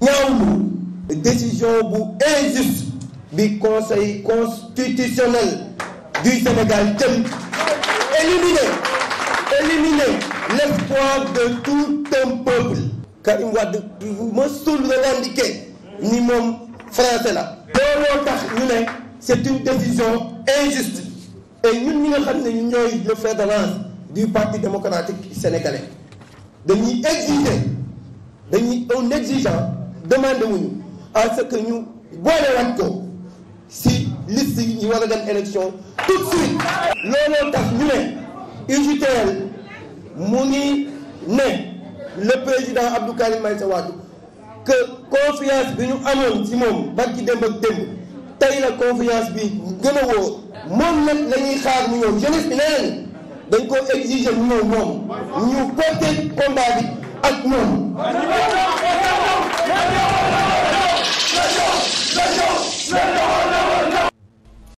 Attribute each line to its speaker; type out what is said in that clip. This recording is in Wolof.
Speaker 1: ñaawlu décision bu injuste bi conseil constitutionnel du Sénégal jël éliminer éliminer l'espoir de tout un peuple Karim Wade mësul revendiquer ni moom français la looloo tax ñu ne c'est une décision injuste et ñun ñi nga xam ne ñu ñooy le fer de lance du parti démocratique sénégalais dañuy exiger dañuy un exigeant demandé wuñu à ce que ñu boolewaat ko si liste yi ñu war a dem élection tout de suite looloo tax ñu ne UJTL mu ngi ne le président Abdou Karim Meïssa confiance bi ñu amoon ci moom barki démb ak démb tey la confiance bi gën a wóor moom nag xaar mu ñëw jeunesse bi nee dañ ko exiger mu ñëw moom ñu porter combat ak moom